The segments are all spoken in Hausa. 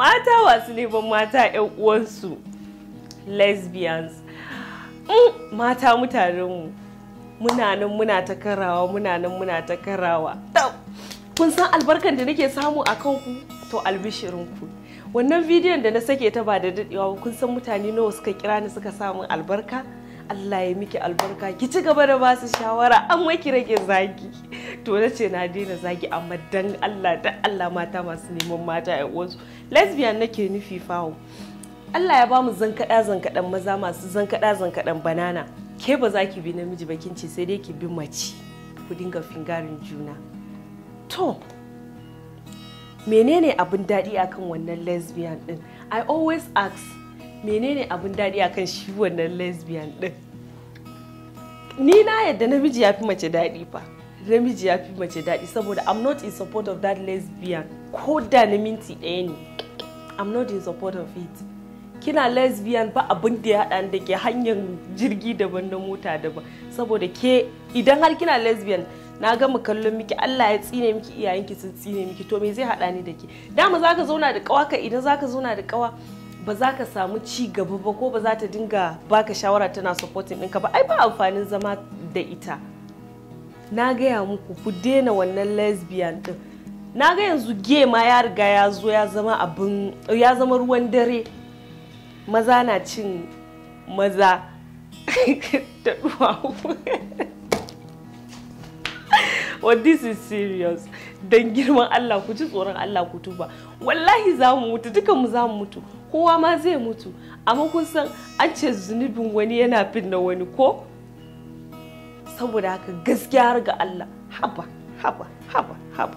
mata wasu neman mata 'yan uwansu lesbians mata mutanenmu muna nan muna ta karawa muna nan muna ta karawa kun san albarkan da nake samu a kanku to albishirinku wannan bidiyon da na sake ta ba da daɗewa kun san mutane nawa suka kira ni suka samun albarka Allah ya miki albarka ki ci gaba da basu shawara an maki rage zagi to na ce na daina zagi amma dan Allah da Allah mata masu neman mata ya wasu. lesbian nake nufi fawo Allah ya bamu zankaɗa zankaɗan maza masu zankaɗa zankaɗan banana ke ba za ki bi namiji ba ce sai dai ki bi mace ku dinga fingarin juna to menene abin daɗi akan wannan lesbian din i always ask menene abin daɗi akan shi wannan lesbian ɗin ni na yadda namiji ya fi mace daɗi fa namiji ya fi mace daɗi saboda i'm not in support of that lesbian ko da na minti ɗaya ne i'm not in support of it kina lesbian ba abin da ya haɗa da ke hanyar jirgi daban na mota daban saboda ke idan har kina lesbian na gama kallon miki Allah ya tsine miki iyayenki sun tsine miki to me zai haɗa ni da ke dama zaka zauna da kawa ka idan zaka zauna da kawa ba za ka samu ci gaba ba ko ba za ta dinga baka shawara tana supporting ɗinka ba ai ba amfanin zama da ita na gaya muku ku daina wannan lesbian ɗin na ga yanzu gay ma ya riga ya zo ya zama abin ya zama ruwan dare maza na cin maza da duwawu well this is serious don girman Allah ku ji tsoron Allah ku tuba wallahi za mu mutu dukan mu za mu mutu kowa ma zai mutu amma kun san an ce zunubin wani yana bin na wani ko saboda haka gaskiya har ga Allah haba haba haba haba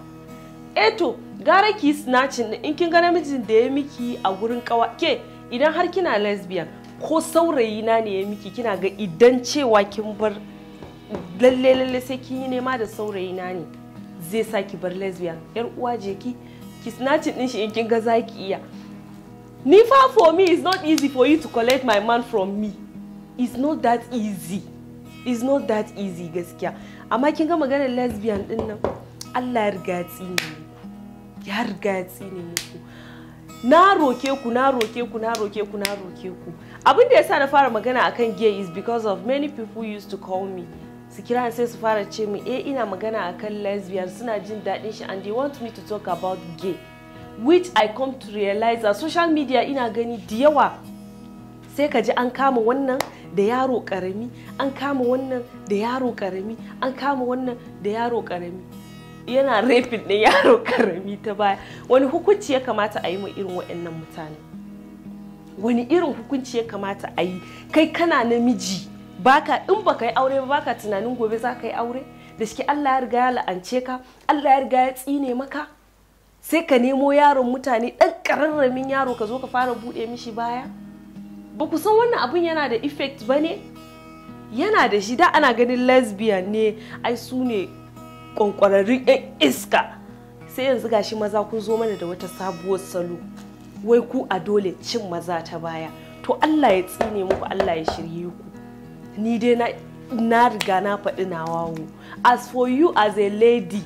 eto eh gara ki snatching in kin ga namijin da ya miki a gurin kawa ke idan har kina lesbian ko saurayi na ne ya miki kina ga idan cewa kin bar lalle lalle sai kin yi nema da saurayi na ne zai sa bar lesbian yar uwa je ki ki snatching din shi in kin ga zaki iya nifa for me it's not easy for you to collect my man from me it's not that easy it's not that easy gaskiya amma kin ga maganar lesbian din nan Allah ya riga tsini ya riga tsini muku na roke ku na roke ku na roke ku na roke ku abin da yasa na fara magana akan gay is because of many people used to call me su kira sai su fara ce min eh ina magana akan lesbian suna jin daɗin shi and they want me to talk about gay which i come to realize that social media ina gani da yawa sai ka ji an kama wannan da yaro karami an kama wannan da yaro karami an kama wannan da yaro karami yana rafin na yaro karami ta baya wani hukunci ya kamata a yi ma irin waɗannan mutane wani irin hukunci ya kamata a kai kana namiji baka in baka yi aure ba baka tunanin gobe za ka yi aure da shi Allah ya riga ya la'ance ka Allah ya riga ya tsine maka sai ka nemo yaron mutane ɗan ƙararramin yaro ka zo ka fara buɗe mishi baya ba ku san wannan abun yana da effect ba ne yana da shi da ana ganin lesbian ne ai su ne ƙwanƙwararrun 'yan iska sai yanzu gashi maza kun zo mana da wata sabuwar salo wai ku a dole cin maza ta baya to allah ya tsine muku allah ya shirye ku ni dai na riga na faɗi na wawo as for you as a lady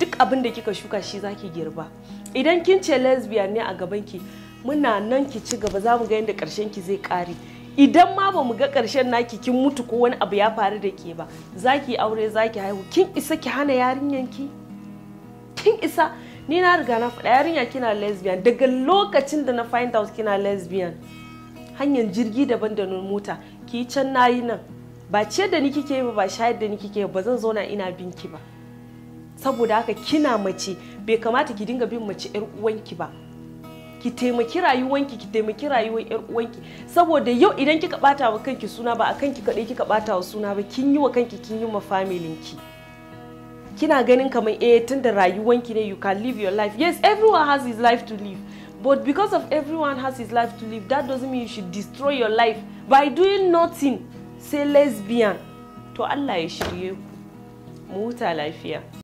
duk abin da kika shuka shi zaki girba idan kin ce lesbian ne a gaban ki muna nan ki ci gaba za ga yadda karshen ki zai kare idan ma bamu ga karshen naki kin mutu ko wani abu ya faru da ke ba zaki aure zaki haihu kin isa ki hana yarinyan ki kin isa ni na riga na faɗa yarinya kina lesbian daga lokacin da na find out kina lesbian hanyar jirgi daban da mota ki can nayi nan ba ce da ni kike ba ba shayar da ni kike ba zan zauna ina binki ba saboda haka kina mace bai kamata ki dinga bin mace yar uwanki ba ki taimaki rayuwanki ki taimaki rayuwar yar uwanki saboda yau idan kika bata wa kanki suna ba a kanki kadai kika bata wa suna ba kin yi wa kanki kin yi ma familinki kina ganin kamar eh tunda rayuwanki ne you can live your life yes everyone has his life to live but because of everyone has his life to live that doesn't mean you should destroy your life by doing nothing say lesbian to Allah ya shirye ku mu huta lafiya